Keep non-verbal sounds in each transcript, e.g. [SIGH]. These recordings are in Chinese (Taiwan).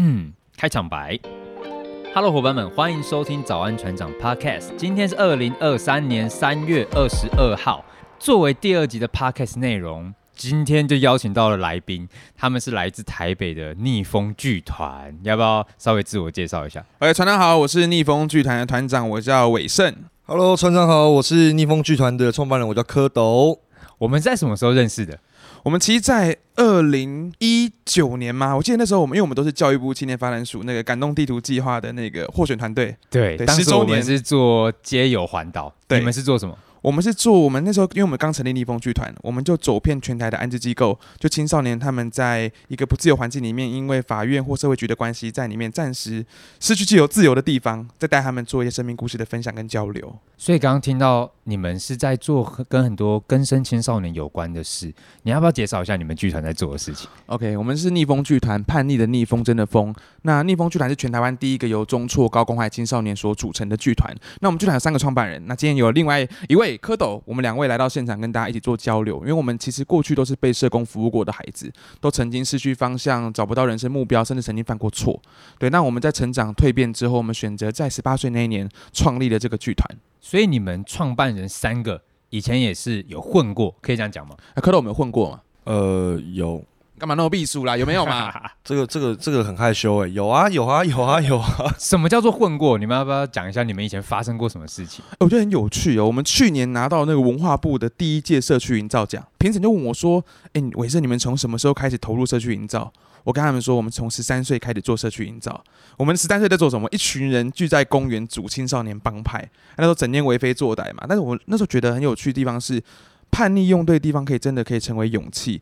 嗯，開場白。Hello，夥伴們，歡迎收聽《早安船長》Podcast。今天是二零二三年三月二十二號。作為第二集的 Podcast 內容，今天就邀請到了來賓，他們是來自台北的逆風劇團。要不要稍微自我介紹一下？喂，Hey, 船長好，我是逆風劇團的團長，我叫偉盛。Hello，船長好，我是逆風劇團的創辦人，我叫蝌蚪。我們在什麼時候認識的？我們其實，在二零一九年嘛，我記得那時候我們，因為我們都是教育部青年發展署那個感動地圖計劃的那個獲選團隊。對，對，十周年，當時我們是做街友環島，對你們是做什麼？我們是做我們那時候，因為我們剛成立逆風劇團，我們就走遍全台的安置機構，就青少年他們在一個不自由環境裡面，因為法院或社會局的關係，在裡面暫時失去自由自由的地方，再帶他們做一些生命故事的分享跟交流。所以剛剛聽到你們是在做跟很多更生青少年有關的事，你要不要介紹一下你們劇團在做的事情？OK，我們是逆風劇團，叛逆的逆風，真的風。那逆風劇團是全台灣第一個由中輟高關懷青少年所組成的劇團。那我們劇團有三個創辦人，那今天有另外一位。對，蝌蚪，我們兩位來到現場跟大家一起做交流，因為我們其實過去都是被社工服務過的孩子，都曾經失去方向，找不到人生目標，甚至曾經犯過錯。對，那我們在成長蛻變之後，我們選擇在十八歲那一年創立了這個劇團。所以你們創辦人三個以前也是有混過，可以這樣講嗎？啊、蝌蚪，我們有混過嗎？呃，有。幹嘛那麼避暑啦？有沒有嘛、 [LAUGHS] 這個？這個這個這個很害羞誒、欸。有啊有啊有啊有啊！有啊有啊 [LAUGHS] 什麼叫做混過？你們要不要講一下你們以前發生過什麼事情、呃？我覺得很有趣哦。我們去年拿到那個文化部的第一屆社區營造獎，評審就問我說：“哎、欸，瑋盛，你們從什麼時候開始投入社區營造？”我跟他們說：“我們從十三歲開始做社區營造。我們十三歲在做什麼？一群人聚在公園組青少年幫派，啊、那時候整年為非作歹嘛。但是我那時候覺得很有趣的地方是，叛逆用對地方，可以真的可以成為勇氣。”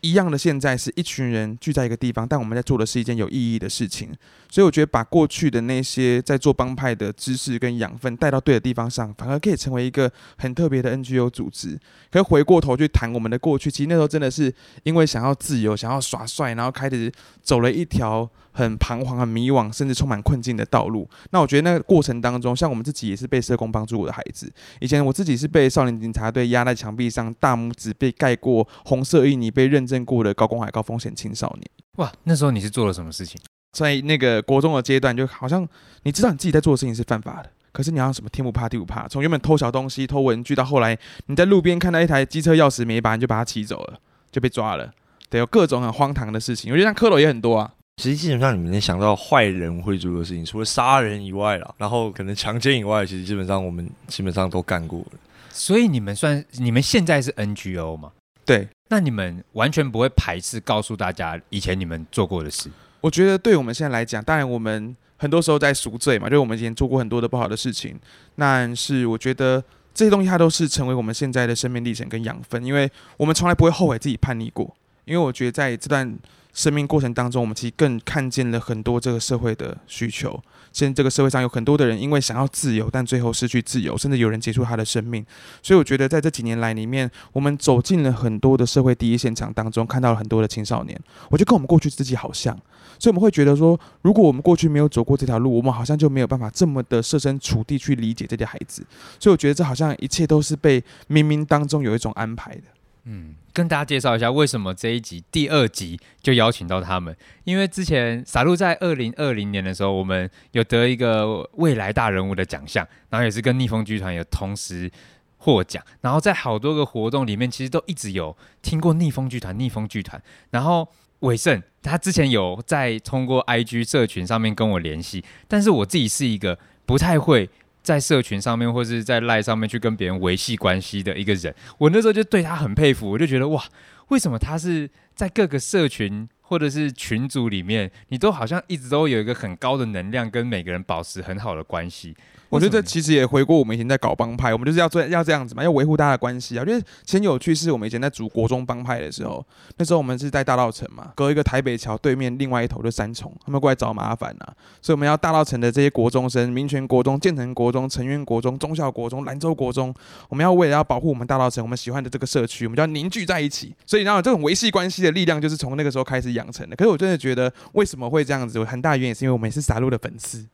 一樣的，現在是一群人聚在一個地方，但我們在做的是一件有意義的事情，所以我覺得把過去的那些在做幫派的知識跟養分帶到對的地方上，反而可以成為一個很特別的 NGO 組織。可以回過頭去談我們的過去，其實那時候真的是因為想要自由，想要耍帥，然後開始走了一條。很彷徨、很迷惘，甚至充滿困境的道路。那我覺得那個過程當中，像我們自己也是被社工幫助過的孩子。以前我自己是被少年警察隊壓在牆壁上，大拇指被蓋過，紅色印泥被認證過的高公海高風險青少年。哇，那時候你是做了什麼事情？在那個國中的階段，就好像你知道你自己在做的事情是犯法的，可是你好像什麼天不怕地不怕。從原本偷小東西、偷文具，到後來你在路邊看到一台機車鑰匙沒拔，你就把它騎走了，就被抓了。對，有各種很荒唐的事情。我覺得像克羅也很多啊。其實基本上你們能想到壞人會做的事情，除了殺人以外了，然後可能強姦以外，其實基本上我們基本上都幹過了。所以你們算你們現在是 NGO 嗎？對，那你們完全不會排斥告訴大家以前你們做過的事？我覺得對我們現在來講，當然我們很多時候在贖罪嘛，就是我們以前做過很多的不好的事情。但是我覺得這些東西它都是成為我們現在的生命歷程跟養分，因為我們從來不會後悔自己叛逆過，因為我覺得在這段。生命過程當中，我們其實更看見了很多這個社會的需求。現在這個社會上有很多的人，因為想要自由，但最後失去自由，甚至有人結束他的生命。所以我覺得，在這幾年來裡面，我們走進了很多的社會第一現場當中，看到了很多的青少年。我覺得跟我們過去自己好像，所以我們會覺得說，如果我們過去沒有走過這條路，我們好像就沒有辦法這麼的設身處地去理解這些孩子。所以我覺得，這好像一切都是被冥冥當中有一種安排的。嗯，跟大家介紹一下為什麼這一集第二集就邀請到他們，因為之前 SALU 在二零二零年的時候，我們有得一個未來大人物的獎項，然後也是跟逆風劇團有同時獲獎，然後在好多個活動裡面，其實都一直有聽過逆風劇團，逆風劇團，然後偉盛他之前有在通過 IG 社群上面跟我聯繫，但是我自己是一個不太會。在社群上面或是在賴上面去跟別人維繫關係的一個人，我那時候就對他很佩服，我就覺得哇，為什麼他是在各個社群，或者是群組裡面，你都好像一直都有一個很高的能量，跟每個人保持很好的關係。我覺得這其實也回過我們以前在搞幫派，我們就是要做要這樣子嘛，要維護大家的關係啊。因為前有趣是我們以前在組國中幫派的時候，那時候我們是在大稻埕嘛，隔一個台北橋對面另外一頭的三重，他們過來找麻煩啊，所以我們要大稻埕的這些國中生，民權國中、建成國中、成淵國中、忠孝國中、蘭州國中，我們要為了要保護我們大稻埕，我們喜歡的這個社區，我們就要凝聚在一起。所以然後這種維繫關係的力量，就是從那個時候開始養養成的，可是我真的覺得，為什麼會這樣子？有很大原因是因為我們也是 SALU 的粉絲，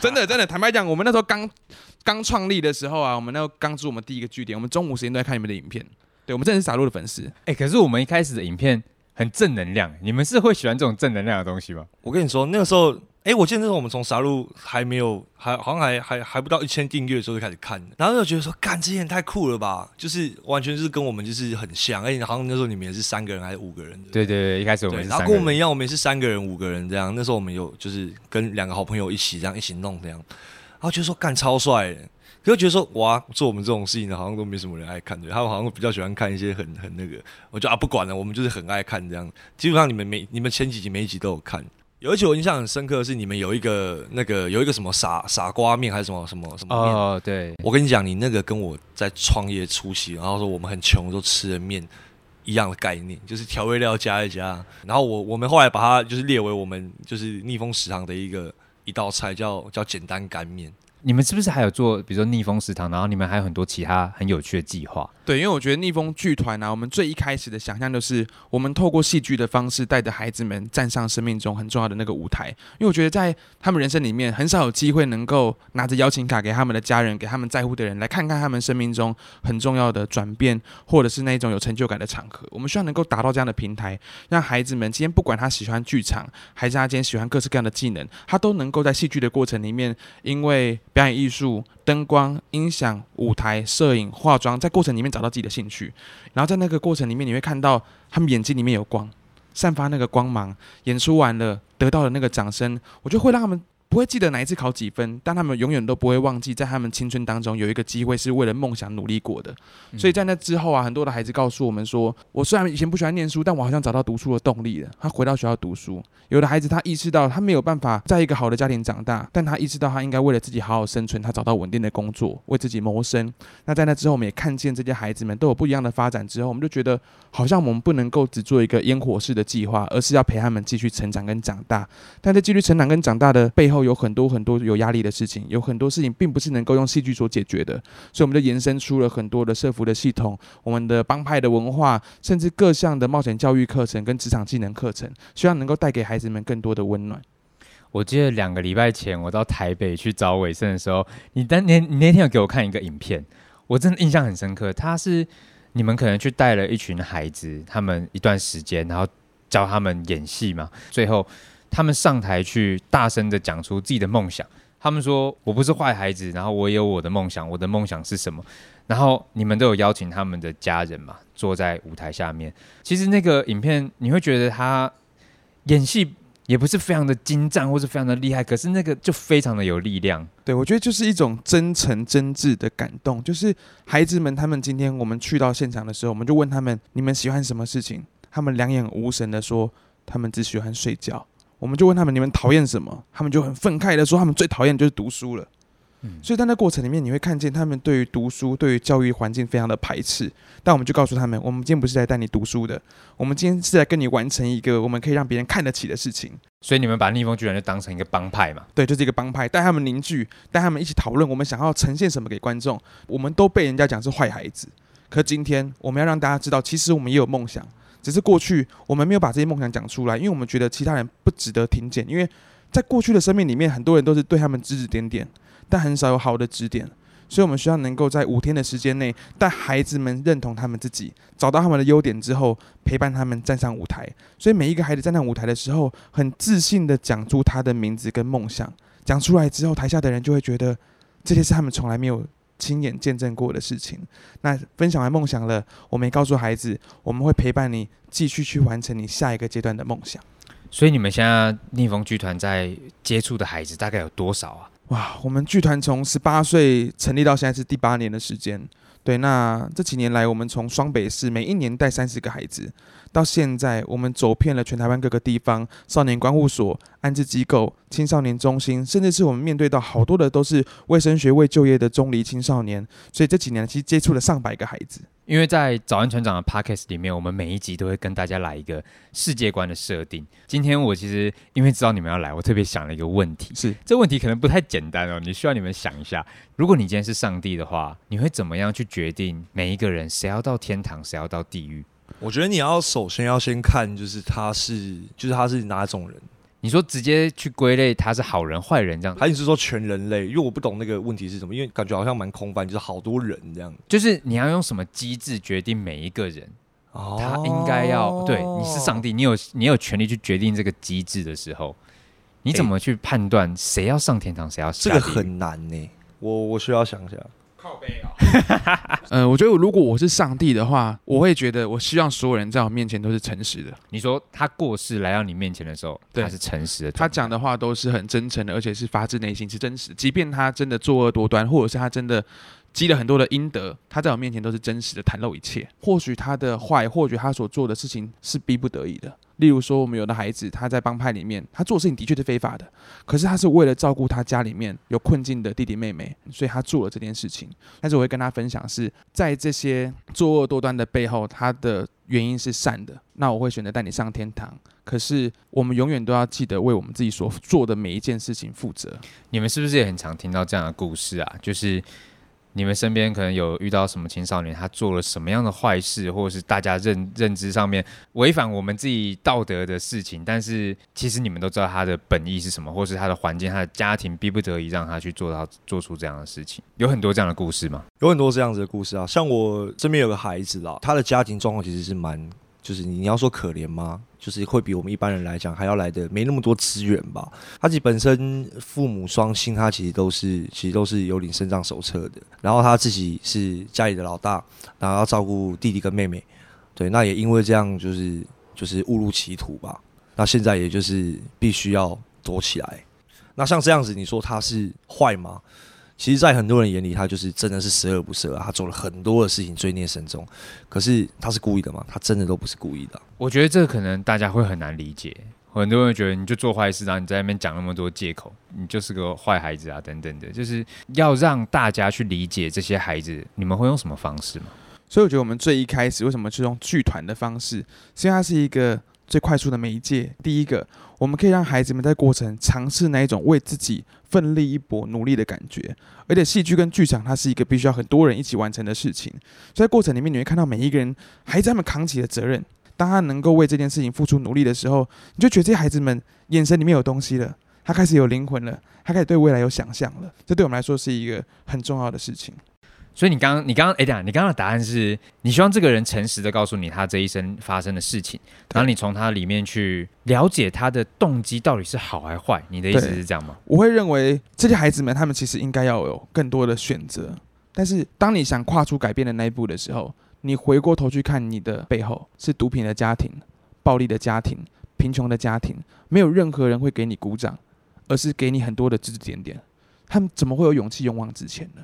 真的真的，坦白講，我們那時候剛剛創立的時候啊，我們那時候剛租，我們第一個據點，我們中午時間都在看你們的影片，對我們真的是 SALU 的粉絲。哎，可是我們一開始的影片很正能量，你們是會喜歡這種正能量的東西嗎？我跟你說，那個時候。哎、欸，我記得那時候我們從 SALU 還沒有，還好像還還還不到一千訂閱的時候就開始看，然後就覺得說，幹，這些人太酷了吧，就是完全是跟我們就是很像。哎、欸，好像那時候你們也是三個人還是五個人對對，對對對，一開始我們對，然後跟我們一樣，我們也是三個人五個人這樣。那時候我們有就是跟兩個好朋友一起這樣一起弄這樣，然後就說幹超帥，可又覺得說，覺得說哇，做我們這種事情的，好像都沒什麼人愛看的，他們好像比較喜歡看一些很很那個。我就啊，不管了，我們就是很愛看這樣。基本上你們每你們前幾集每一集都有看。尤其我印象很深刻的是，你們有一個那個有一個什麼傻傻瓜麵還是什麼什麼什麼麵？哦，oh, 對，我跟你講，你那個跟我在創業初期，然後說我們很窮，都吃的麵一樣的概念，就是調味料加一加。然後我我們後來把它就是列為我們就是逆風食堂的一個一道菜叫，叫叫簡單乾麵。你們是不是還有做，比如說逆風食堂，然後你們還有很多其他很有趣的計劃？對，因為我覺得逆風劇團呢、啊，我們最一開始的想象就是，我們透過戲劇的方式，帶着孩子們站上生命中很重要的那個舞台。因為我覺得在他們人生裡面，很少有機會能夠拿着邀請卡給他們的家人，給他們在乎的人，來看看他們生命中很重要的轉變，或者是那一種有成就感的場合。我們希望能夠達到這樣的平台，讓孩子們今天不管他喜歡劇場，還是他今天喜歡各式各樣的技能，他都能夠在戲劇的過程裡面，因為表演藝術。燈光、音響、舞台、攝影、化妝，在過程裡面找到自己的興趣，然後在那個過程裡面，你會看到他們眼睛裡面有光，散發那個光芒。演出完了，得到了那個掌聲，我就會讓他們。不會記得哪一次考幾分，但他們永遠都不會忘記，在他們青春當中有一個機會是為了夢想努力過的。嗯、所以在那之後啊，很多的孩子告訴我們說：“我雖然以前不喜歡念書，但我好像找到讀書的動力了。”他回到學校讀書。有的孩子他意識到他沒有辦法在一個好的家庭長大，但他意識到他應該為了自己好好生存，他找到穩定的工作，為自己謀生。那在那之後，我們也看見這些孩子們都有不一樣的發展。之後，我們就覺得好像我們不能夠只做一個煙火式的計劃，而是要陪他們繼續成長跟長大。但在繼續成長跟長大的背後。有很多很多有壓力的事情，有很多事情並不是能夠用戲劇所解決的，所以我們就延伸出了很多的社福的系統，我們的幫派的文化，甚至各項的冒險教育課程跟職場技能課程，希望能夠帶給孩子們更多的溫暖。我記得兩個禮拜前我到台北去找瑋盛的時候，你當年你那天有給我看一個影片，我真的印象很深刻。他是你們可能去帶了一群孩子，他們一段時間，然後教他們演戲嘛，最後。他們上台去大聲地講出自己的夢想。他們說：“我不是壞孩子，然後我也有我的夢想，我的夢想是什麼？”然後你們都有邀請他們的家人嘛，坐在舞台下面。其實那個影片你會覺得他演戲也不是非常的精湛，或是非常的厲害，可是那個就非常的有力量。對，我覺得就是一種真誠真摯的感動。就是孩子們，他們今天我們去到現場的時候，我們就問他們：“你們喜歡什麼事情？”他們兩眼無神地說：“他們只喜歡睡覺。”我們就問他們，你們討厭什麼，他們就很憤慨的說，他們最討厭的就是讀書了。嗯、所以在那過程裡面，你會看見他們對於讀書、對於教育環境非常的排斥。但我們就告訴他們，我們今天不是來帶你讀書的，我們今天是來跟你完成一個我們可以讓別人看得起的事情。所以你們把逆風劇團就當成一個幫派嘛？對，就是一個幫派，帶他們凝聚，帶他們一起討論我們想要呈現什麼給觀眾。我們都被人家講是壞孩子，可今天我們要讓大家知道，其實我們也有夢想。只是過去我們沒有把這些夢想講出來，因為我們覺得其他人不值得聽見。因為在過去的生命裡面，很多人都是對他們指指點點，但很少有好的指點。所以我們需要能夠在五天的時間內，帶孩子們認同他們自己，找到他們的優點之後，陪伴他們站上舞台。所以每一個孩子站上舞台的時候，很自信的講出他的名字跟夢想。講出來之後，台下的人就會覺得這些是他們從來沒有。親眼見證過的事情。那分享完夢想了，我們也告訴孩子，我們會陪伴你繼續去完成你下一個階段的夢想。所以你們現在逆風劇團在接觸的孩子大概有多少啊？哇，我們劇團從十八歲成立到現在是第八年的時間。對，那這幾年來，我們從雙北市每一年帶三十個孩子，到現在，我們走遍了全台灣各個地方，少年觀護所、安置機構、青少年中心，甚至是我們面對到好多的都是未升學未就業的中離青少年，所以這幾年其實接觸了上百個孩子。因為在《早安船長》的 Podcast 裡面，我們每一集都會跟大家來一個世界觀的設定。今天我其實因為知道你們要來，我特別想了一個問題，是這問題可能不太簡單哦，你需要你們想一下，如果你今天是上帝的話，你會怎麼樣去決定每一個人誰要到天堂，誰要到地獄？我覺得你要首先要先看，就是他是就是他是哪種人。你說直接去歸類他是好人壞人這樣，還是說全人類？因為我不懂那個問題是什麼，因為感覺好像蠻空泛，就是好多人這樣。就是你要用什麼機制決定每一個人，哦、他應該要對，你是上帝，你有你有權利去決定這個機制的時候，你怎麼去判斷誰要上天堂，欸、誰要這個很難呢、欸？我我需要想想。靠背哦，嗯、 [LAUGHS] 呃，我覺得，我如果我是上帝的話，我會覺得，我希望所有人在我面前都是誠實的。你說他過世來到你面前的時候，對他是誠實的，他講的話都是很真誠的，而且是發自內心，是真實。即便他真的作惡多端，或者是他真的。積了很多的陰德，他在我面前都是真實的袒露一切。或許他的壞，或許他所做的事情是逼不得已的。例如說，我們有的孩子他在幫派裡面，他做的事情的確是非法的，可是他是為了照顧他家裡面有困境的弟弟妹妹，所以他做了這件事情。但是我會跟他分享是，是在這些作惡多端的背後，他的原因是善的。那我會選擇帶你上天堂。可是我們永遠都要記得為我們自己所做的每一件事情負責。你們是不是也很常聽到這樣的故事啊？就是。你們身邊可能有遇到什麼青少年，他做了什麼樣的壞事，或者是大家認認知上面違反我們自己道德的事情，但是其實你們都知道他的本意是什麼，或是他的環境、他的家庭逼不得已讓他去做到做出這樣的事情，有很多這樣的故事嗎？有很多這樣子的故事啊，像我身邊有個孩子啊，他的家庭狀況其實是蠻，就是你要說可憐嗎？就是會比我們一般人來講還要來得沒那麼多資源吧。他自己本身父母雙親，他其實都是其實都是有領身障手冊的。然後他自己是家裡的老大，然後要照顧弟弟跟妹妹。對，那也因為這樣，就是就是誤入歧途吧。那現在也就是必須要躲起來。那像這樣子，你說他是壞嗎？其實，在很多人眼裡，他就是真的是十惡不赦。他做了很多的事情，罪孽深重。可是，他是故意的嗎？他真的都不是故意的啊。我覺得這個可能大家會很難理解。很多人覺得，你就做壞事，然後你在那邊講那麼多借口，你就是個壞孩子啊，等等的。就是要讓大家去理解這些孩子，你們會用什麼方式嗎？所以，我覺得我們最一開始為什麼去用劇團的方式？因為它是一個。最快速的媒介。第一個，我們可以讓孩子們在過程嘗試那一種為自己奮力一搏、努力的感覺。而且，戲劇跟劇場它是一個必須要很多人一起完成的事情。所以在過程裡面，你會看到每一個人，孩子他們扛起了責任。當他能夠為這件事情付出努力的時候，你就覺得這些孩子們眼神裡面有東西了，他開始有靈魂了，他開始對未來有想象了。這對我們來說是一個很重要的事情。所以你剛剛，你剛剛，哎，等下，你剛剛的答案是你希望這個人誠實的告訴你他這一生發生的事情，對然後你從他裡面去了解他的動機到底是好還是壞？你的意思是這樣嗎？我會認為這些孩子們他們其實應該要有更多的選擇，但是當你想跨出改變的那一步的時候，你回過頭去看你的背後是毒品的家庭、暴力的家庭、貧窮的家庭，沒有任何人會給你鼓掌，而是給你很多的指指點點，他們怎麼會有勇氣勇往直前呢？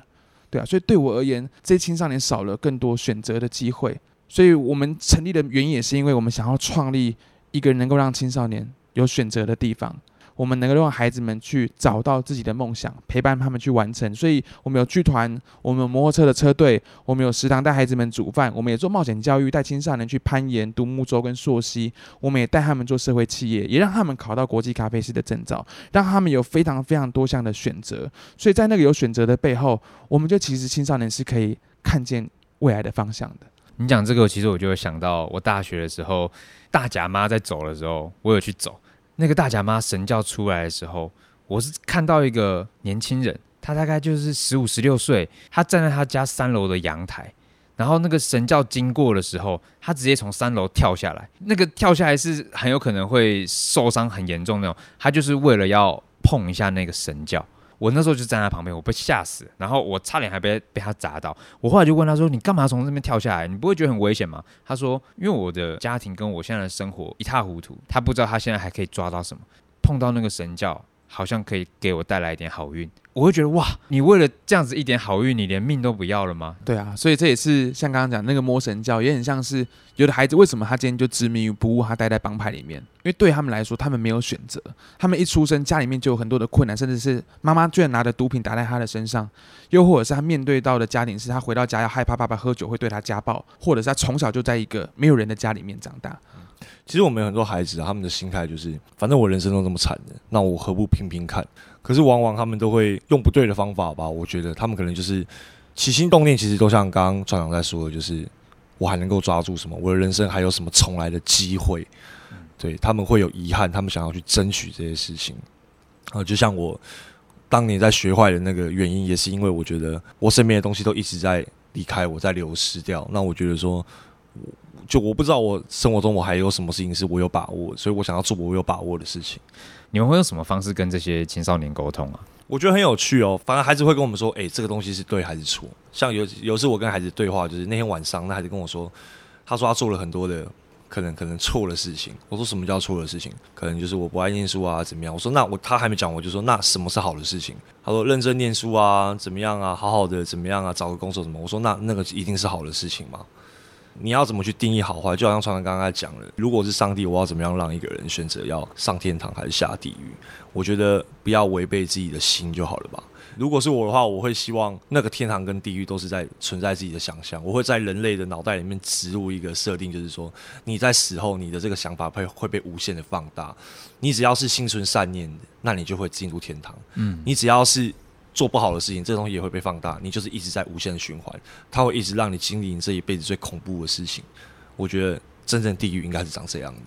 對啊，所以對我而言，這些青少年少了更多選擇的機會，所以我們成立的原因也是因為我們想要創立一個人能夠讓青少年有選擇的地方。我們能夠讓孩子們去找到自己的夢想，陪伴他們去完成。所以我們有劇團，我們有摩托車的車隊，我們有食堂帶孩子們煮飯，我們也做冒險教育，帶青少年去攀岩、獨木舟跟溯溪。我們也帶他們做社會企業，也讓他們考到國際咖啡師的證照，讓他們有非常非常多項的選擇。所以在那個有選擇的背後，我們就其實青少年是可以看見未來的方向的。你講這個，其實我就會想到我大學的時候，大甲媽在走的時候，我有去走。那個大甲媽神轎，出來的時候，我是看到一個年輕人，他大概就是十五十六歲，他站在他家三樓的陽台，然後那個神轎經過的時候，他直接從三樓跳下來，那個跳下來是很有可能會受傷很嚴重的那種，他就是為了要碰一下那個神轎。我那時候就站在旁邊，我被嚇死，然後我差點還被被他砸到。我後來就問他說：“你幹嘛從這邊跳下來？你不會覺得很危險嗎？”他說：“因為我的家庭跟我現在的生活一塌糊塗，他不知道他現在還可以抓到什麼，碰到那個神教。”好像可以給我帶來一點好運，我會覺得哇，你為了這樣子一點好運，你連命都不要了嗎？對啊，所以這也是像剛剛講的那個魔神教，也很像是有的孩子，為什麼他今天就執迷於不悟，他待在幫派裡面？因為對他們來說，他們沒有選擇，他們一出生家裡面就有很多的困難，甚至是媽媽居然拿着毒品打在他的身上，又或者是他面對到的家庭是，他回到家要害怕爸爸喝酒會對他家暴，或者是他從小就在一個沒有人的家裡面長大。其實我們有很多孩子、啊，他們的心態就是，反正我人生都這麼慘的，那我何不拼拼看？可是往往他們都會用不對的方法吧。我覺得他們可能就是起心動念，其實都像剛剛船長在說的，就是我還能夠抓住什麼，我的人生還有什麼重來的機會？嗯、對，他們會有遺憾，他們想要去爭取這些事情。啊、呃，就像我當年在學壞的那個原因，也是因為我覺得我身邊的東西都一直在離開，我在流失掉。那我覺得說。我就我不知道我生活中我還有什麼事情是我有把握，所以我想要做我有把握的事情。你們會用什麼方式跟這些青少年溝通啊？我覺得很有趣哦。反正孩子會跟我們說，誒、欸，這個東西是對還是錯？像有有次我跟孩子對話，就是那天晚上，那孩子跟我說，他說他做了很多的可能可能錯的事情。我說什麼叫錯的事情？可能就是我不愛念書啊，怎麼樣？我說那我他還沒講，我就說那什麼是好的事情？他說認真念書啊，怎麼樣啊？好好的怎麼樣啊？找個工作什麼？我說那那個一定是好的事情嗎？你要怎麼去定義好壞？就好像船長剛剛在講了，如果是上帝，我要怎麼樣讓一個人選擇要上天堂還是下地獄？我覺得不要違背自己的心就好了吧。如果是我的話，我會希望那個天堂跟地獄都是在存在自己的想象。我會在人類的腦袋裡面植入一個設定，就是說你在死後，你的這個想法會會被無限的放大。你只要是心存善念的，那你就會進入天堂。嗯，你只要是。做不好的事情，這東西也會被放大，你就是一直在無限的循環，它會一直讓你經歷你這一輩子最恐怖的事情。我覺得真正地獄應該是長這樣子。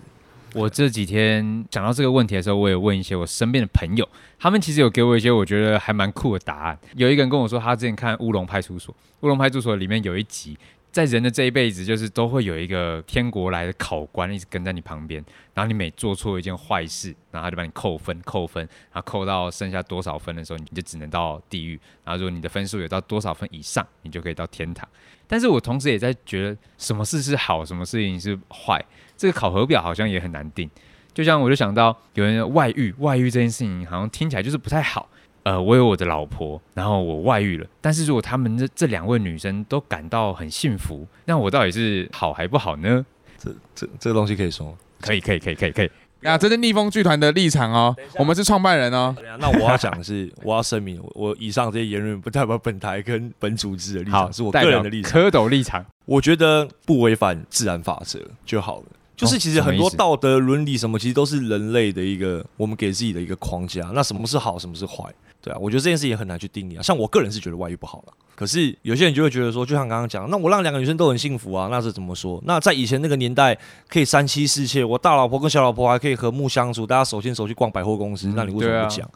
我這幾天講到這個問題的時候，我也問一些我身邊的朋友，他們其實有給我一些我覺得還蠻酷的答案。有一個人跟我說，他之前看烏龍派出所《烏龍派出所》，《烏龍派出所》裡面有一集。在人的這一輩子，就是都會有一個天國來的考官一直跟在你旁邊，然後你每做錯一件壞事，然後他就把你扣分，扣分，然後扣到剩下多少分的時候，你就只能到地獄。然後如果你的分數有到多少分以上，你就可以到天堂。但是我同時也在覺得，什麼事是好，什麼事情是壞，這個考核表好像也很難定。就像我就想到，有人外遇，外遇這件事情好像聽起來就是不太好。呃，我有我的老婆，然後我外遇了。但是如果她們這這兩位女生都感到很幸福，那我到底是好還不好呢？這這這個東西可以說可以，可以，可以，可以，可以。那這是逆風劇團的立場哦，我們是創辦人哦。那我要講的是， [LAUGHS] 我要聲明我，我以上這些言論不代表本台跟本組織的立場，好是我個人的立場。蝌蚪立場，我覺得不違反自然法則就好了。哦，就是其實很多道德倫理什麼，什麼其實都是人類的一個我們給自己的一個框架。那什麼是好，什麼是壞？對啊，我覺得這件事也很難去定義啊。像我個人是覺得外遇不好了，可是有些人就會覺得說，就像剛剛講，那我讓兩個女生都很幸福啊，那是怎麼說？那在以前那個年代，可以三妻四妾，我大老婆跟小老婆還可以和睦相處，大家手牽手去逛百貨公司，那、嗯、你為什麼不講、啊？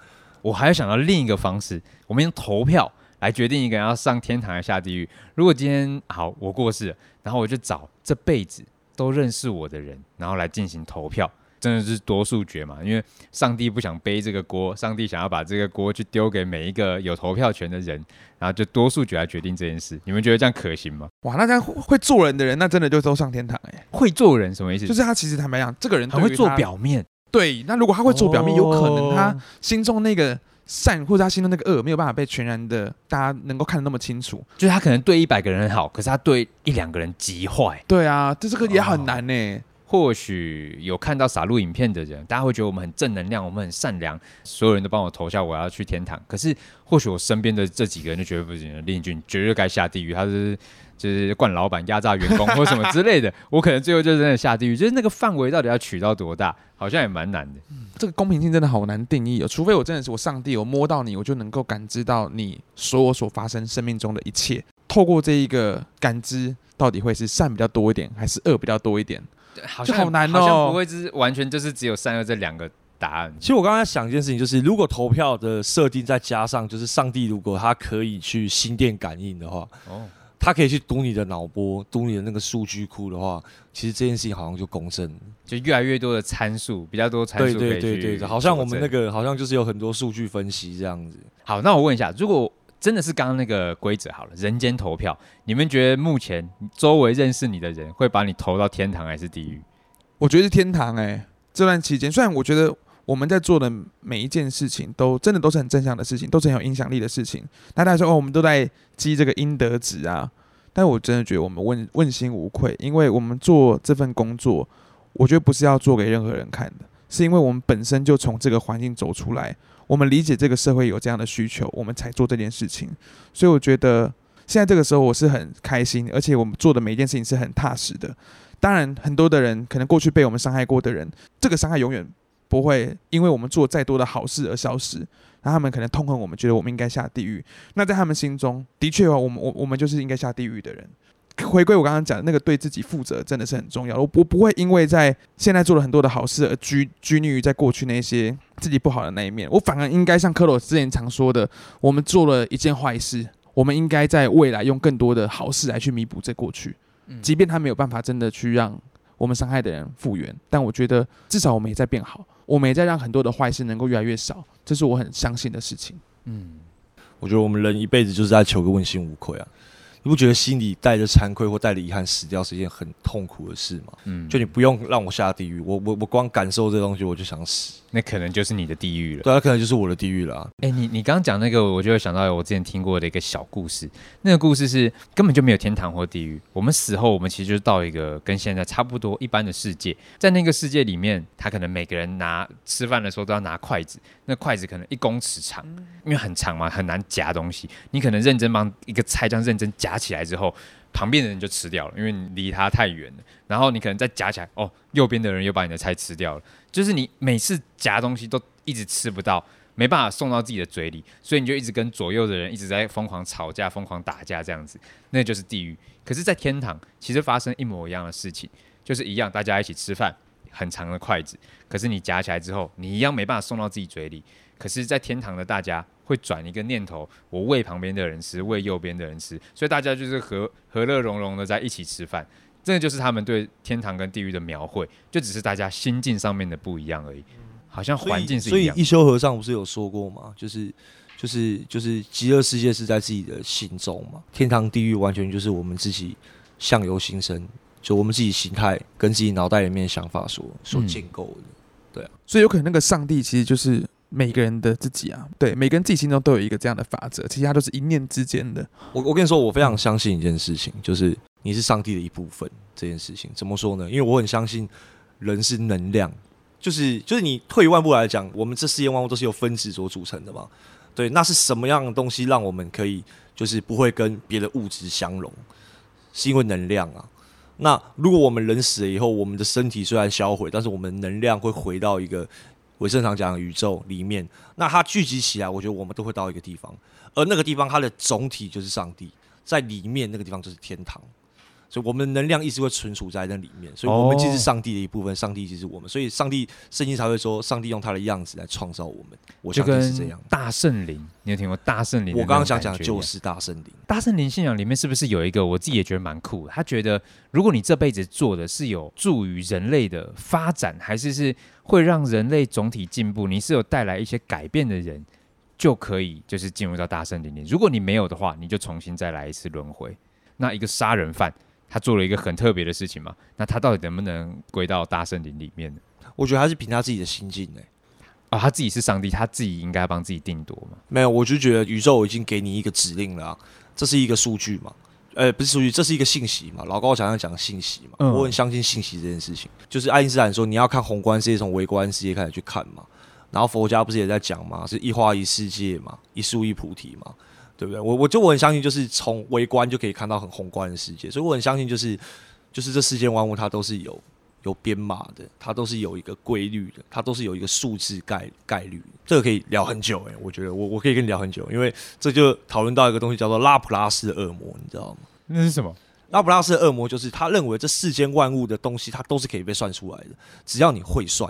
我還想到另一個方式，我們用投票來決定一個人要上天堂還是下地獄。如果今天好，我過世了，然後我就找這輩子都認識我的人，然後來進行投票。嗯。真的是多數決嘛？因為上帝不想背這個鍋，上帝想要把這個鍋去丟給每一個有投票權的人，然後就多數決來決定這件事。你們覺得這樣可行嗎？哇，那這樣會做人的人，那真的就都上天堂哎、欸！會做人什麼意思？就是他其實坦白講，這個人很會做表面。對，那如果他會做表面，哦、有可能他心中那個善或者他心中那個惡沒有辦法被全然的大家能夠看得那麼清楚。就是他可能對一百個人好，可是他對一兩個人極壞。對啊，這這個也很難呢、欸。哦或許有看到 SALU 影片的人，大家會覺得我們很正能量，我們很善良，所有人都幫我投下，我要去天堂。可是，或許我身邊的這幾個人就覺得不行，林俊絕對該下地獄。他就是就是慣老闆壓榨員工或什麼之類的， [LAUGHS] 我可能最後就真的下地獄。就是那個範圍到底要取到多大，好像也蠻難的。嗯，這個公平性真的好難定義哦，除非我真的是我上帝，我摸到你，我就能夠感知到你所我所發生生命中的一切，透過這一個感知，到底會是善比較多一點，還是惡比較多一點？好像好難哦，好像不會就是完全就是只有三個這兩個答案。其實我剛剛想一件事情，就是如果投票的設定再加上就是上帝，如果他可以去心電感應的話，哦，他可以去讀你的腦波，讀你的那個數據庫的話，其實這件事情好像就公正了，就越來越多的參數，比較多參數，對對對對，好像我們那個好像就是有很多數據分析這樣子。好，那我問一下，如果。真的是剛剛那個規則好了，人間投票，你們覺得目前周圍認識你的人會把你投到天堂還是地獄？我覺得是天堂誒、欸，這段期間，雖然我覺得我們在做的每一件事情都真的都是很正向的事情，都是很有影響力的事情，那大家說哦，我們都在積這個陰德值啊。但我真的覺得我們問問心無愧，因為我們做這份工作，我覺得不是要做給任何人看的，是因為我們本身就從這個環境走出來。我們理解這個社會有這樣的需求，我們才做這件事情。所以我覺得現在這個時候我是很開心，而且我們做的每一件事情是很踏實的。當然，很多的人可能過去被我們傷害過的人，這個傷害永遠不會因為我們做再多的好事而消失。那他們可能痛恨我們，覺得我們應該下地獄。那在他們心中，的確我，我們我我們就是應該下地獄的人。回歸我剛剛講的那個對自己負責，真的是很重要。我不會因為在現在做了很多的好事而拘拘泥於在過去那些自己不好的那一面。我反而應該像克羅斯之前常說的，我們做了一件壞事，我們應該在未來用更多的好事來去彌補這過去。即便他沒有辦法真的去讓我們傷害的人復原，但我覺得至少我們也在變好，我們也在讓很多的壞事能夠越來越少。這是我很相信的事情。嗯，我覺得我們人一輩子就是在求個問心無愧啊。你不覺得心裡帶着慚愧或帶着遺憾死掉是一件很痛苦的事嗎？嗯，就你不用讓我下地獄，我我我光感受這東西我就想死。那可能就是你的地獄了。對啊，可能就是我的地獄了。誒，你你剛剛講那個，我就會想到我之前聽過的一個小故事。那個故事是根本就沒有天堂或地獄。我們死後，我們其實就到一個跟現在差不多一般的世界。在那個世界裡面，他可能每個人拿吃飯的時候都要拿筷子。那筷子可能一公尺長，因為很長嘛，很難夾東西。你可能認真幫一個菜這樣認真夾起來之後。旁邊的人就吃掉了，因為你離他太遠了。然後你可能再夾起來，哦，右邊的人又把你的菜吃掉了。就是你每次夾東西都一直吃不到，沒辦法送到自己的嘴裡，所以你就一直跟左右的人一直在瘋狂吵架，瘋狂打架這樣子，那就是地獄。可是，在天堂其實發生一模一樣的事情，就是一樣大家一起吃飯，很長的筷子，可是你夾起來之後，你一樣沒辦法送到自己嘴裡。可是，在天堂的大家會轉一個念頭，我餵旁邊的人吃，餵右邊的人吃，所以大家就是和和樂融融的在一起吃飯。這個就是他們對天堂跟地獄的描繪，就只是大家心境上面的不一樣而已。好像環境是一樣所。所以一休和尚不是有說過嗎？就是就是就是極樂世界是在自己的心中嘛，天堂地獄完全就是我們自己相由心生，就我們自己心態跟自己腦袋裡面的想法所所、嗯、建構的。對、啊，所以有可能那個上帝其實就是。每個人的自己啊，對，每個人自己心中都有一個這樣的法則，其實它都是一念之間的。我我跟你說，我非常相信一件事情，就是你是上帝的一部分這件事情。怎麼說呢？因為我很相信人是能量，就是就是你退一萬步來講，我們這世間萬物都是由分子所組成的嘛。對，那是什麼樣的東西讓我們可以就是不會跟別的物質相融？是因為能量啊。那如果我們人死了以後，我們的身體雖然銷毀，但是我們能量會回到一個。我正常講，宇宙裡面，那它聚集起來，我覺得我們都會到一個地方，而那個地方它的總體就是上帝，在裡面那個地方就是天堂。所以，我們的能量一直會存儲在那裡面。所以我們就是上帝的一部分，上帝就是我們。所以，上帝聖經才會說，上帝用他的樣子來創造我們。我覺得是這樣。大聖靈，你有聽過大聖靈？我剛剛想講就是大聖靈。大聖靈信仰裡面是不是有一個我自己也覺得蠻酷的？他覺得，如果你這輩子做的是有助於人類的發展，還是是會讓人類總體進步，你是有帶來一些改變的人，就可以就是進入到大聖靈裡面。如果你沒有的話，你就重新再來一次輪迴。那一個殺人犯。他做了一個很特別的事情嘛，那他到底能不能歸到大森林裡面呢？我覺得他是憑他自己的心境誒、欸、啊、哦，他自己是上帝，他自己應該幫自己定奪嘛。沒有，我就覺得宇宙已經給你一個指令了、啊，這是一個數據嘛，呃、欸，不是數據，這是一個信息嘛。老高，我想要講信息嘛，嗯、我很相信信息這件事情。就是愛因斯坦說，你要看宏觀世界，從微觀世界開始去看嘛。然後佛家不是也在講嘛，是一花一世界嘛，一樹一菩提嘛。對不對？我我就我很相信，就是從微觀就可以看到很宏觀的世界，所以我很相信，就是就是這世間萬物它都是有有編碼的，它都是有一個規律的，它都是有一個數字概概率。這個可以聊很久欸，我覺得我我可以跟你聊很久，因為這就討論到一個東西叫做拉普拉斯的惡魔，你知道嗎？那是什麼？拉普拉斯的惡魔就是他認為這世間萬物的東西，它都是可以被算出來的，只要你會算。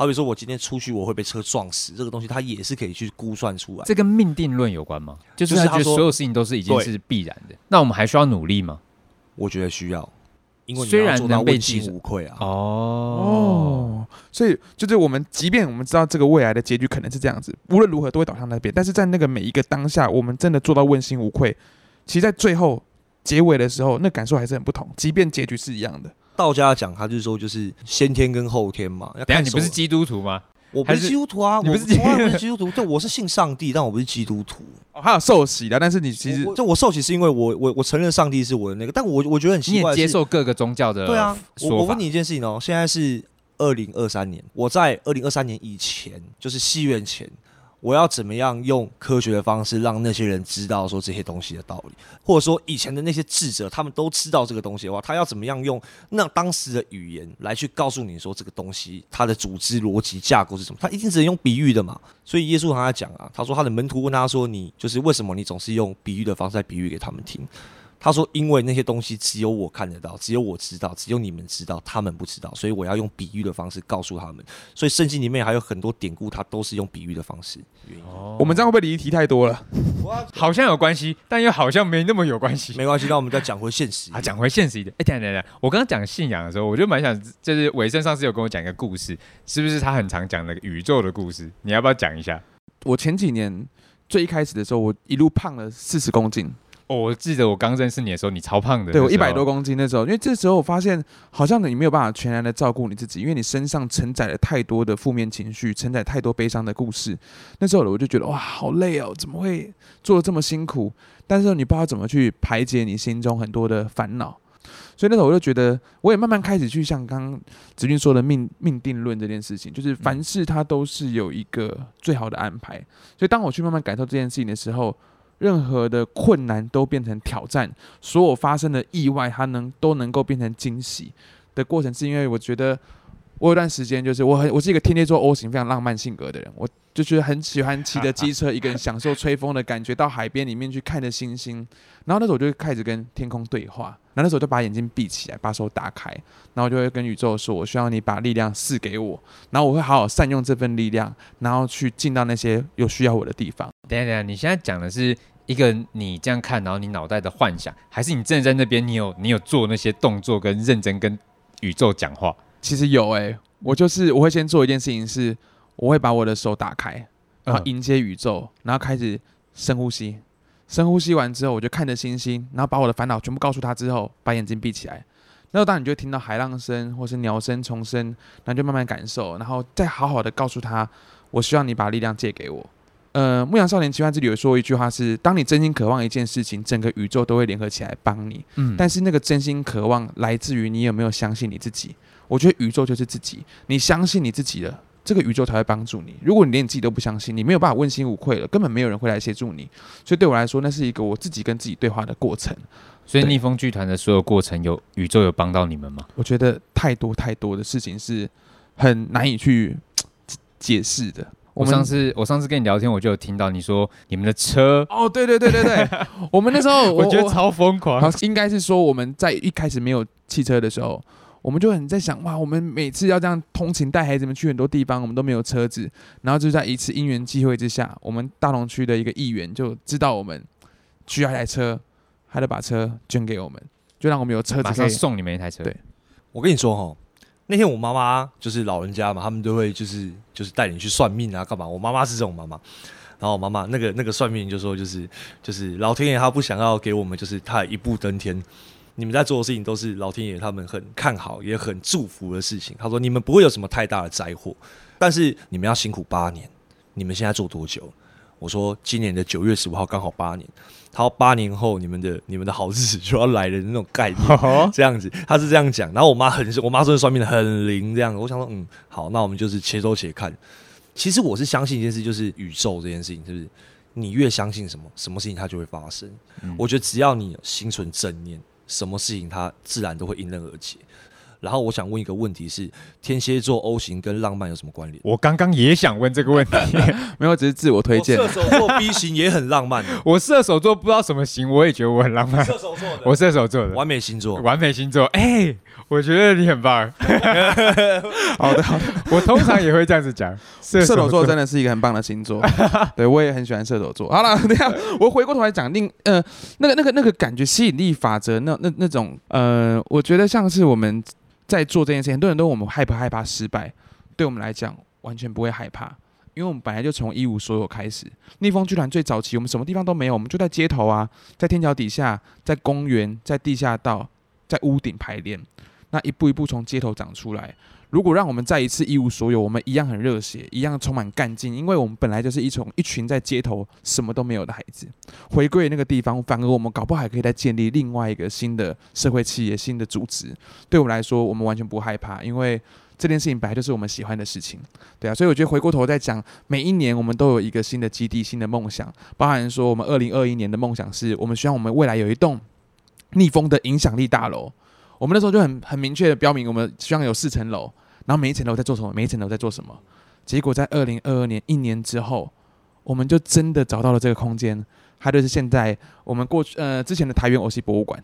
好比說，我今天出去，我會被車撞死，這個東西它也是可以去估算出來的。這跟命定論有關嗎？就是他覺得所有事情都是已經是必然的。那我們還需要努力嗎？我覺得需要，因為你要做到問心無愧啊。哦，哦，所以就是我們，即便我們知道這個未來的結局可能是這樣子，無論如何都會導向那邊，但是在那個每一個當下，我們真的做到問心無愧，其實在最後結尾的時候，那感受還是很不同，即便結局是一樣的。道家講他就是說，就是先天跟後天嘛。等下你不是基督徒嗎？我不是基督徒啊，我不是基，不是基督徒。對，我是信上帝，但我不是基督徒。哦，他有受洗的，但是你其實，我就我受洗是因為我我我承認上帝是我的那個，但我我覺得很奇怪，你接受各個宗教的對啊。我我問你一件事情哦，現在是二零二三年，我在二零二三年以前就是西元前。我要怎麼樣用科學的方式讓那些人知道說這些東西的道理，或者說以前的那些智者他們都知道這個東西的話，他要怎麼樣用那當時的語言來去告訴你說這個東西它的組織邏輯架構是什麼？他一定只能用比喻的嘛。所以耶穌跟他講啊，他說他的門徒問他說：“你就是為什麼你總是用比喻的方式來比喻給他們聽？”他說：“因為那些東西只有我看得到，只有我知道，只有你們知道，他們不知道，所以我要用比喻的方式告訴他們。所以聖經裡面還有很多典故，它都是用比喻的方式。哦，我們這樣會不會離題太多了？好像有關係，但又好像沒那麼有關係。 [LAUGHS] 沒關係，那我們再講回現實啊，講回現實一點。哎、 [LAUGHS] 啊欸，等等等，我剛剛講信仰的時候，我就蠻想，就是瑋盛上次有跟我講一個故事，是不是他很常講的宇宙的故事？你要不要講一下？我前幾年最一開始的時候，我一路胖了四十公斤。”哦，我記得我剛認識你的時候，你超胖的。對，時候我一百多公斤那時候，因為這時候我發現，好像你沒有辦法全然的照顧你自己，因為你身上承載了太多的負面情緒，承載太多悲傷的故事。那時候我就覺得，哇，好累哦，怎麼會做的這麼辛苦？但是你不知道怎麼去排解你心中很多的煩惱，所以那時候我就覺得，我也慢慢開始去像剛剛子君說的命命定論這件事情，就是凡事它都是有一個最好的安排。嗯，所以當我去慢慢感受這件事情的時候。任何的困難都變成挑戰，所有發生的意外它能都能夠變成驚喜的過程，是因為我覺得。我有一段時間，就是我很，我是一個天蠍座 O 型，非常浪漫性格的人，我就覺得很喜歡騎着機車，一個人享受吹風的感覺， [LAUGHS] 到海邊裡面去看着星星。然後那時候我就開始跟天空對話，那那時候我就把眼睛閉起來，把手打開，然後就會跟宇宙說：“我需要你把力量賜給我。”然後我會好好善用這份力量，然後去進到那些有需要我的地方。等等，你現在講的是一個你這樣看，然後你腦袋的幻想，還是你站在那邊，你有你有做那些動作，跟認真跟宇宙講話？其實有誒、欸，我就是我會先做一件事情是，是我會把我的手打開，然後迎接宇宙，嗯、然後開始深呼吸。深呼吸完之後，我就看着星星，然後把我的煩惱全部告訴他之後，把眼睛閉起來。然後當你就聽到海浪聲，或是鳥聲、蟲聲，然後就慢慢感受，然後再好好的告訴他，我希望你把力量借給我。呃，《牧羊少年奇幻之旅》有說一句話是：當你真心渴望一件事情，整個宇宙都會聯合起來幫你。嗯。但是那個真心渴望來自於你有沒有相信你自己。我覺得宇宙就是自己，你相信你自己了，這個宇宙才會幫助你。如果你連你自己都不相信，你沒有辦法問心無愧了，根本沒有人會來協助你。所以對我來說，那是一個我自己跟自己對話的過程。所以逆風劇團的所有過程有，有對宇宙有幫到你們嗎？我覺得太多太多的事情是很難以去解釋的。我們，我上次我上次跟你聊天，我就有聽到你說你們的車哦，對對對對對， [LAUGHS] 我們那時候 [LAUGHS] 我覺得超瘋狂，應該是說我們在一開始沒有汽車的時候。我們就很在想哇，我們每次要這樣通勤帶孩子們去很多地方，我們都沒有車子。然後就在一次因緣際會之下，我們大同區的一個議員就知道我們需要一台車，還得把車捐給我們，就讓我們有車子。馬上送你們一台車。對，我跟你說哈、哦，那天我媽媽就是老人家嘛，他們都會就是就是帶你去算命啊，幹嘛？我媽媽是這種媽媽。然後我媽媽那個那個算命就說，就是就是老天爺他不想要給我們，就是他一步登天。你們在做的事情都是老天爺他們很看好也很祝福的事情。他說，你們不會有什麼太大的災禍，但是你們要辛苦八年。你們現在做多久？我說今年的九月十五號剛好八年。他說八年後你們的你們的好日子就要來了那種概念，這樣子，他是這樣講。然後我媽很，我媽說算命的很靈，這樣子。我想說嗯好，那我們就是且走且看。其實我是相信一件事，就是宇宙這件事情，是不是？你越相信什麼，什麼事情它就會發生。我覺得只要你有心存正念，什麼事情它自然都會迎刃而解。然後我想問一個問題是：天蠍座 O 型跟浪漫有什麼關聯？我剛剛也想問這個問題， [LAUGHS] 沒有，只是自我推薦。我射手座 B 型也很浪漫 [LAUGHS] 我射手座不知道什麼型，我也覺得我很浪漫。射手座的，我射手座的，完美星座，完美星座。哎、欸。我覺得你很棒，好 [LAUGHS] 的好的，我通常也會這樣子講， [LAUGHS] 射手座真的是一個很棒的星座， [LAUGHS] 對，我也很喜歡射手座。好了，這我回過頭來講另，呃、那個那個那個感覺吸引力法則那那那種，呃，我覺得像是我們在做這件事情，很多人都問我們害不害怕失敗？對我們來講完全不會害怕，因為我們本來就從一無所有開始。逆風劇團最早期，我們什麼地方都沒有，我們就在街頭啊，在天橋底下，在公園，在地下道，在屋頂排練。那一步一步從街頭長出來。如果讓我們再一次一無所有，我們一樣很熱血，一樣充滿幹勁，因為我們本來就是一從一群在街頭什麼都沒有的孩子，回歸那個地方，反而我們搞不好還可以再建立另外一個新的社會企業、新的組織。對我們來說，我們完全不害怕，因為這件事情本來就是我們喜歡的事情，對啊。所以我覺得回過頭再講，每一年我們都有一個新的基地、新的夢想，包含說我們二零二一年的夢想是我們希望我們未來有一棟逆風的影響力大樓。我們那時候就很很明確的標明，我們希望有四層樓，然後每一層樓在做什麼，每一層樓在做什麼。結果在二零二二年一年之後，我們就真的找到了這個空間，還就是現在我們過去呃之前的台原偶戲博物館。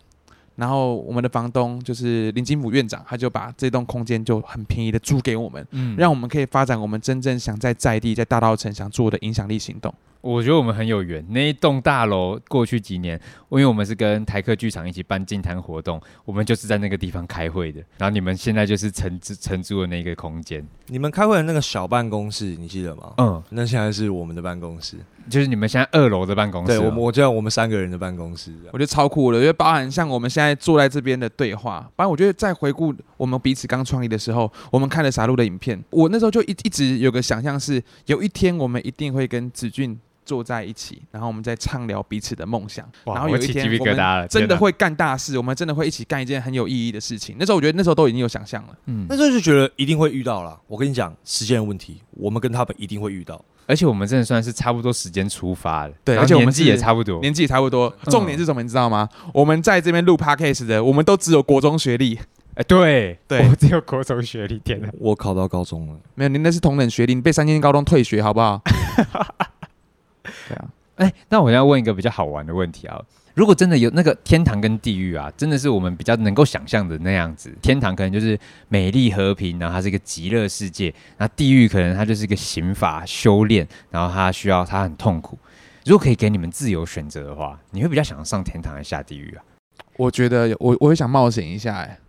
然後我們的房東就是林金武院長，他就把這棟空間就很便宜的租給我們，嗯，讓我們可以發展我們真正想在在地、在大稻埕想做的影響力行動。我覺得我們很有緣，那一棟大樓過去幾年，因為我們是跟台客劇場一起辦淨灘活動，我們就是在那個地方開會的。然後你們現在就是承承租的那個空間，你們開會的那個小辦公室，你記得嗎？嗯，那現在是我們的辦公室，就是你們現在二樓的辦公室。對，我我就有我們三個人的辦公室，我覺得超酷的，因為包含像我們現在。在坐在這邊的對話，反正我覺得在回顧我們彼此剛創業的時候，我們看了 SALU 的影片，我那時候就一一直有個想象是，有一天我們一定會跟子俊坐在一起，然後我們再暢聊彼此的夢想。哇然後有一天我們真的會幹大事，我們真的會一起幹一件很有意義的事情。那時候我覺得那時候都已經有想象了，嗯，那時候就覺得一定會遇到了。我跟你講，時間的問題，我們跟他們一定會遇到。而且我們真的算是差不多時間出發了，對，而且我們年紀也差不多，年紀也差不多。嗯、重點是什麼，你知道嗎？我們在這邊錄 Podcast 的，我們都只有國中學歷。哎、欸，對，對，我只有國中學歷，天哪！我考到高中了，沒有，您那是同等學歷，你被三間高中退學，好不好？ [LAUGHS] 對啊，哎、欸，那我要問一個比較好玩的問題啊。如果真的有那個天堂跟地獄啊，真的是我們比較能夠想象的那樣子。天堂可能就是美麗和平，然後它是一個極樂世界；那地獄可能它就是一個刑法修煉，然後它需要它很痛苦。如果可以給你們自由選擇的話，你會比較想要上天堂還是下地獄啊？我覺得我我會想冒險一下、欸、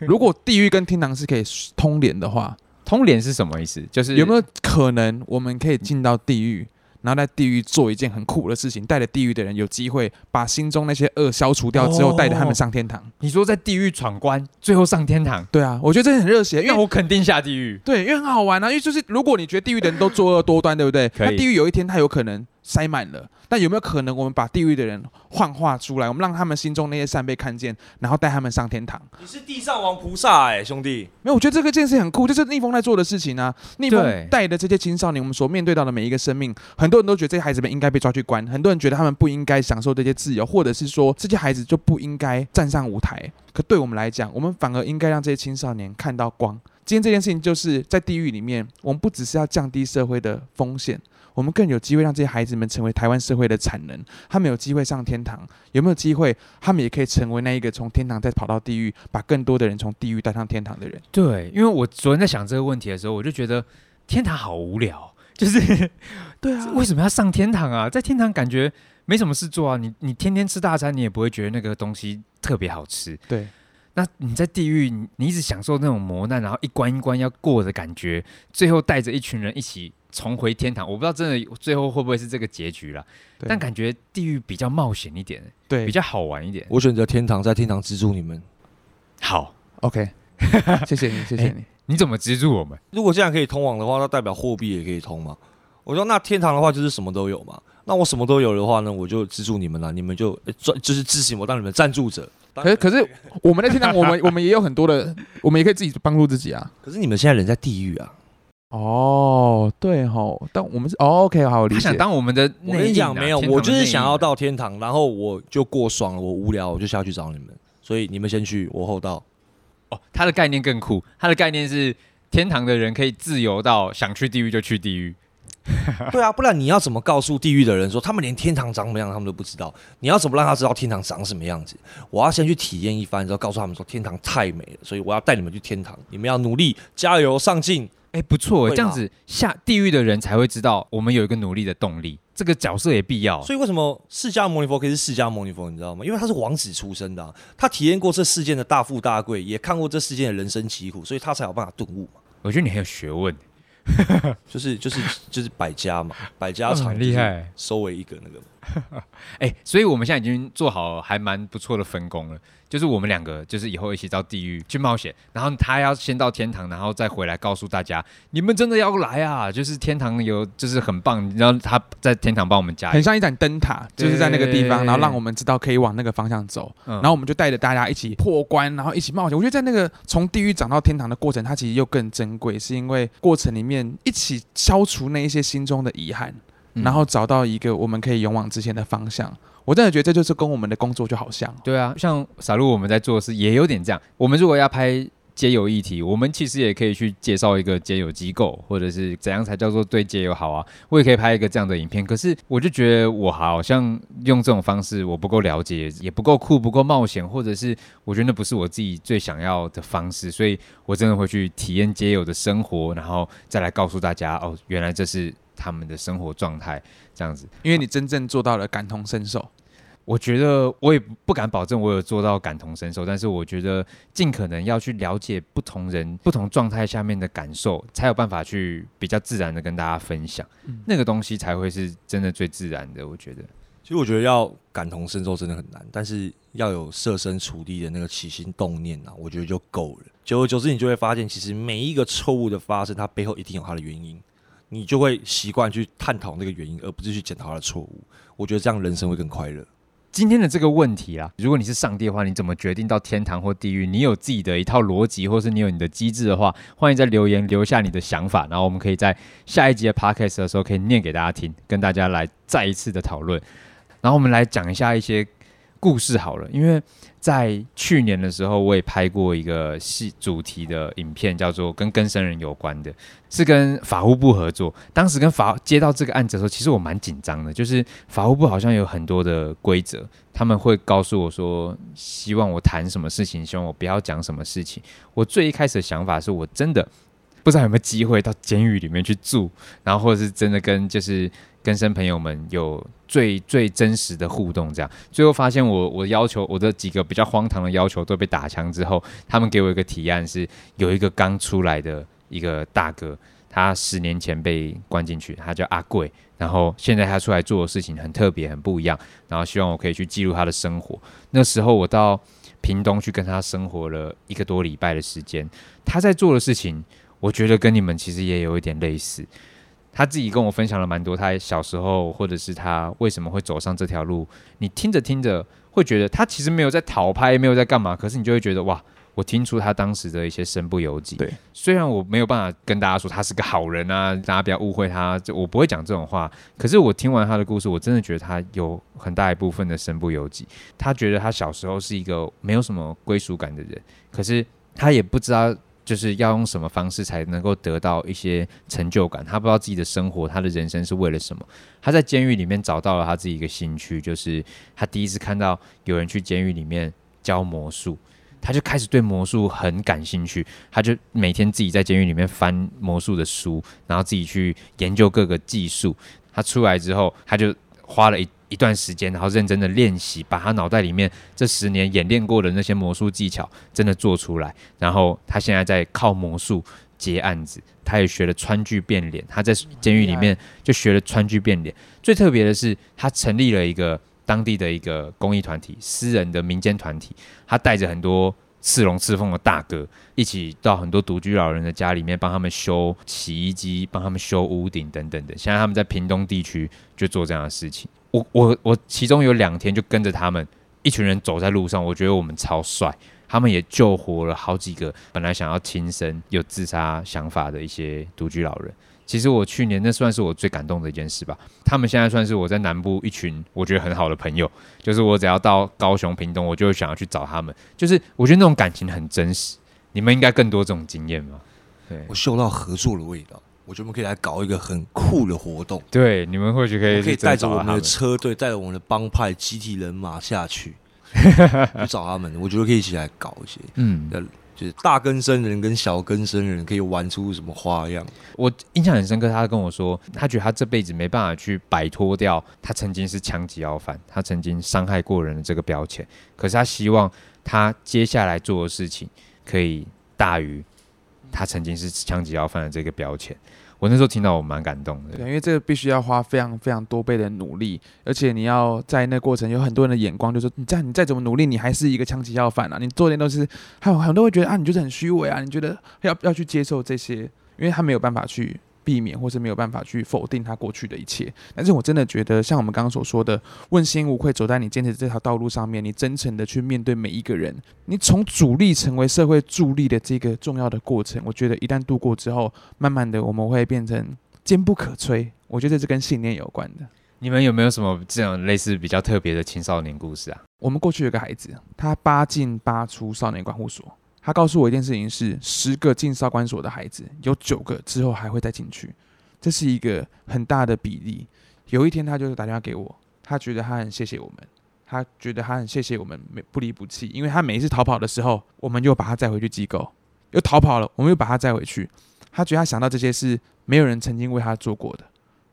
如果地獄跟天堂是可以通聯的話， [LAUGHS] 通聯是什麼意思？就是有沒有可能我們可以進到地獄？然後在地獄做一件很酷的事情，帶着地獄的人有機會把心中那些惡消除掉之後，帶着他們上天堂。哦，你說在地獄闖關，最後上天堂？對啊，我覺得這很熱血，因為我肯定下地獄。對，因為很好玩啊，因為就是如果你覺得地獄的人都作惡多端，對不對？可以。那地獄有一天他有可能。塞滿了，但有沒有可能我們把地獄的人幻化出來，我們讓他們心中那些善被看見，然後帶他們上天堂？你是地藏王菩薩誒、欸，兄弟！沒有，我覺得這個件事很酷，就是逆風在做的事情啊。逆風帶的這些青少年，我們所面對到的每一個生命，很多人都覺得這些孩子們應該被抓去關，很多人覺得他們不應該享受這些自由，或者是說這些孩子就不應該站上舞台。可對我們來講，我們反而應該讓這些青少年看到光。今天這件事情就是在地獄裡面，我們不只是要降低社會的風險。我們更有機會讓這些孩子們成為台灣社會的產能，他們有機會上天堂，有沒有機會？他們也可以成為那一個從天堂再跑到地獄，把更多的人從地獄帶上天堂的人。對，因為我昨天在想這個問題的時候，我就覺得天堂好無聊，就是對啊，為什麼要上天堂啊？在天堂感覺沒什麼事做啊，你你天天吃大餐，你也不會覺得那個東西特別好吃。對，那你在地獄，你一直享受那種磨難，然後一關一關要過的感覺，最後帶着一群人一起。重回天堂，我不知道真的最後會不會是這個結局了。對但感覺地獄比較冒險一點，對，比較好玩一點。我選擇天堂，在天堂資助你們。好，OK， [LAUGHS] 謝謝你，謝謝你。欸、你怎麼資助我們？如果這樣可以通往的話，那代表貨幣也可以通嘛？我說那天堂的話就是什麼都有嘛？那我什麼都有的話呢？我就資助你們了，你們就賺、欸、就是自行我當你們的贊助者。可是可是 [LAUGHS] 我們的天堂，我們我們也有很多的， [LAUGHS] 我們也可以自己幫助自己啊。可是你們現在人在地獄啊。哦，oh, 對吼。但我們 O、oh, K，、okay, 好理解。他想當我們的、啊，我跟你講，沒有，我就是想要到天堂，然後我就過爽了。我無聊，我就下去找你們，所以你們先去，我後到。哦，oh, 他的概念更酷，他的概念是天堂的人可以自由到想去地獄就去地獄。 [LAUGHS] 對啊，不然你要怎麼告訴地獄的人說他們連天堂長什麼樣他們都不知道？你要怎麼讓他知道天堂長什麼樣子？我要先去體驗一番，然後告訴他們說天堂太美了，所以我要帶你們去天堂。你們要努力，加油，上進。哎，不錯，嗎這樣子下地獄的人才會知道我們有一個努力的動力。對這個角色也必要。所以為什麼釋迦牟尼佛可以是釋迦牟尼佛？你知道嗎？因為他是王子出身的。啊，他體驗過這世間的大富大貴，也看過這世間的人生疾苦，所以他才有辦法頓悟嘛。我覺得你很有學問， [LAUGHS] 就是就是就是百家嘛，百家長厲害，收為一個那個嘛。哎、 [LAUGHS] 欸，所以我們現在已經做好還蠻不錯的分工了，就是我們兩個，就是以後一起到地獄去冒險，然後他要先到天堂，然後再回來告訴大家，你們真的要來啊！就是天堂有，就是很棒。然後他在天堂幫我們加油，很像一盞燈塔，就是在那個地方，對然後讓我們知道可以往那個方向走。嗯、然後我們就帶着大家一起破關，然後一起冒險。我覺得在那個從地獄長到天堂的過程，它其實又更珍貴，是因為過程裡面一起消除那一些心中的遺憾。然後找到一個我們可以勇往直前的方向，我真的覺得這就是跟我們的工作就好像。嗯、對啊，像 SALU 我們在做的事也有點這樣。我們如果要拍街友議題，我們其實也可以去介紹一個街友機構，或者是怎樣才叫做對街友好啊？我也可以拍一個這樣的影片，可是我就覺得我好像用這種方式我不夠了解，也不夠酷，不夠冒險，或者是我覺得那不是我自己最想要的方式，所以我真的會去體驗街友的生活，然後再來告訴大家哦，原來這是他們的生活狀態這樣子，因為你真正做到了感同身受。我覺得我也不敢保證我有做到感同身受，但是我覺得盡可能要去了解不同人不同狀態下面的感受，才有辦法去比較自然的跟大家分享，嗯、那個東西才會是真的最自然的。我覺得，其實我覺得要感同身受真的很難，但是要有設身處地的那個起心動念啊，我覺得就夠了。久而久之，你就會發現，其實每一個錯誤的發生，它背後一定有它的原因，你就會習慣去探討那個原因，而不是去檢討他的錯誤。我覺得這樣人生會更快樂。今天的這個問題啦，如果你是上帝的話，你怎麼決定到天堂或地獄？你有自己的一套邏輯，或是你有你的機制的話，歡迎在留言留下你的想法，然後我們可以在下一集的 podcast 的時候可以念給大家聽，跟大家來再一次的討論。然後我們來講一下一些。故事好了，因為在去年的時候，我也拍過一個戲主題的影片，叫做跟更生人有關的，是跟法務部合作。當時跟法接到這個案子的時候，其實我蠻緊張的，就是法務部好像有很多的規則，他們會告訴我說，希望我談什麼事情，希望我不要講什麼事情。我最一開始的想法是，我真的不知道有沒有機會到監獄裡面去住，然後或者是真的跟就是。跟生朋友們有最最真實的互動，這樣最後發現我我要求，我的幾個比較荒唐的要求都被打槍之後，他們給我一個提案是，是有一個剛出來的一個大哥，他十年前被關進去，他叫阿貴，然後現在他出來做的事情很特別，很不一樣，然後希望我可以去記錄他的生活。那時候我到屏東去跟他生活了一個多禮拜的時間，他在做的事情，我覺得跟你們其實也有一點類似。他自己跟我分享了蠻多，他小時候或者是他為什麼會走上這條路，你聽着聽着會覺得他其實沒有在討拍，沒有在幹嘛，可是你就會覺得哇，我聽出他當時的一些身不由己。對，雖然我沒有辦法跟大家說他是個好人啊，大家不要誤會他，我不會講這種話。可是我聽完他的故事，我真的覺得他有很大一部分的身不由己。他覺得他小時候是一個沒有什麼歸屬感的人，可是他也不知道。就是要用什麼方式才能夠得到一些成就感？他不知道自己的生活，他的人生是為了什麼？他在監獄裡面找到了他自己一個興趣，就是他第一次看到有人去監獄裡面教魔術，他就開始對魔術很感興趣。他就每天自己在監獄裡面翻魔術的書，然後自己去研究各個技術。他出來之後，他就花了一。一段時間，然後認真的練習，把他腦袋裡面這十年演練過的那些魔術技巧真的做出來。然後他現在在靠魔術接案子，他也學了川劇變臉，他在監獄裡面就學了川劇變臉。嗯、最特別的是，他成立了一個當地的一個公益團體，私人的民間團體。他帶着很多刺龍刺鳳的大哥一起到很多獨居老人的家裡面，幫他們修洗衣機，幫他們修屋頂等等的。現在他們在屏東地區就做這樣的事情。我我我其中有兩天就跟着他們一群人走在路上，我覺得我們超帥。他們也救活了好幾個本來想要輕生、有自殺想法的一些獨居老人。其實我去年那算是我最感動的一件事吧。他們現在算是我在南部一群我覺得很好的朋友，就是我只要到高雄、屏東，我就想要去找他們。就是我覺得那種感情很真實。你們應該更多這種經驗吧？對，我嗅到合作的味道。我覺得我們可以來搞一個很酷的活動。對，你們或許可以找他，我可以帶着我們的車隊，帶着我們的幫派集體人馬下去 [LAUGHS] 去找他們。我覺得可以一起來搞一些，嗯，就是大更生人跟小更生人可以玩出什麼花樣。我印象很深刻，他跟我說，他覺得他這輩子沒辦法去擺脫掉他曾經是槍擊要犯，他曾經傷害過人的這個標籤。可是他希望他接下來做的事情可以大於他曾經是槍擊要犯的這個標籤。我那時候聽到，我蠻感動的。對，因為這個必須要花非常非常多倍的努力，而且你要在那過程有很多人的眼光，就是說你再你再怎麼努力，你還是一個槍擊要犯啊！你做的那東西，還有很多人都會覺得啊，你就是很虛偽啊！你覺得要要去接受這些，因為他沒有辦法去。避免或是沒有辦法去否定他過去的一切，但是我真的覺得，像我們剛剛所說的，問心無愧，走在你堅持這條道路上面，你真誠的去面對每一個人，你從主力成為社會助力的這個重要的過程，我覺得一旦度過之後，慢慢的我們會變成堅不可摧。我覺得這是跟信念有關的。你們有沒有什麼這種類似比較特別的青少年故事啊？我們過去有個孩子，他八進八出少年觀護所。他告訴我一件事情是：是十個進少管所的孩子，有九個之後還會再進去，這是一個很大的比例。有一天，他就是打電話給我，他覺得他很謝謝我們，他覺得他很謝謝我們不不離不棄，因為他每一次逃跑的時候，我們就把他帶回去機構，又逃跑了，我們又把他帶回去。他覺得他想到這些是沒有人曾經為他做過的，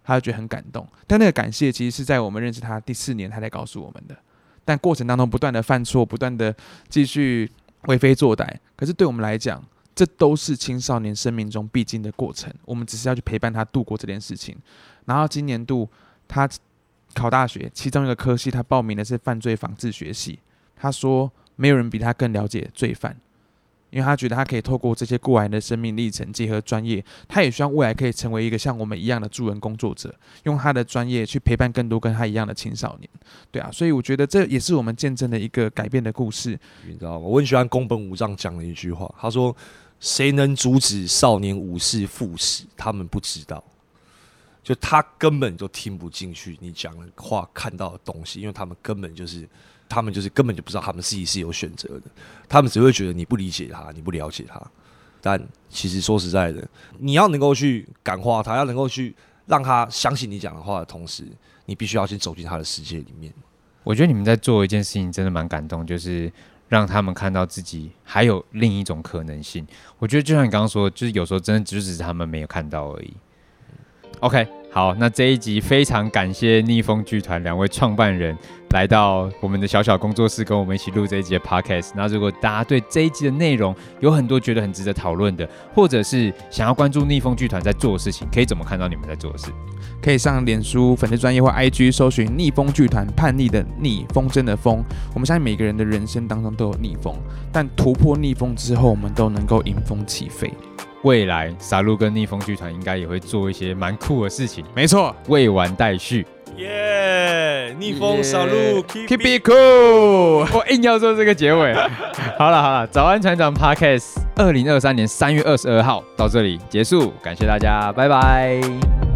他就覺得很感動。但那個感謝其實是在我們認識他第四年，他才告訴我們的。但過程當中不斷的犯錯，不斷的繼續。為非作歹，可是對我們來講，這都是青少年生命中必經的過程。我們只是要去陪伴他度過這件事情。然後今年度他考大學，其中一個科系他報名的是犯罪防治學系。他說，沒有人比他更了解罪犯。因為他覺得他可以透過這些過往的生命歷程結合專業，他也希望未來可以成為一個像我們一樣的助人工作者，用他的專業去陪伴更多跟他一樣的青少年。對啊，所以我覺得這也是我們見證的一個改變的故事。你知道嗎？我很喜歡宮本武藏講的一句話，他說：“誰能阻止少年武士赴死？”他們不知道，就他根本就聽不進去你講的話、看到的東西，因為他們根本就是。他們就是根本就不知道他們自己是有選擇的，他們只會覺得你不理解他，你不了解他。但其實說實在的，你要能夠去感化他，要能夠去讓他相信你講的話的同時，你必須要先走進他的世界裡面。我覺得你們在做一件事情真的蠻感動，就是讓他們看到自己還有另一種可能性。我覺得就像你剛剛說的，就是有時候真的就只是他們沒有看到而已。OK，好，那這一集非常感謝逆風劇團兩位創辦人。來到我們的小小工作室，跟我們一起錄這一集的 podcast。那如果大家對這一集的內容有很多覺得很值得討論的，或者是想要關注逆風劇團在做的事情，可以怎麼看到你們在做的事？可以上臉書粉絲專頁或 IG 搜尋“逆風劇團”，叛逆的逆，風箏的風。我們相信每個人的人生當中都有逆風，但突破逆風之後，我們都能夠迎風起飛。未來傻露跟逆風劇團應該也會做一些蠻酷的事情。沒錯，未完待續。耶！Yeah, yeah, 逆風上路、yeah, keep it cool。我硬要做這個結尾。 [LAUGHS] 好了好了，早安船長 podcast 二零二三年三月二十二號到這裡結束，感謝大家，拜拜。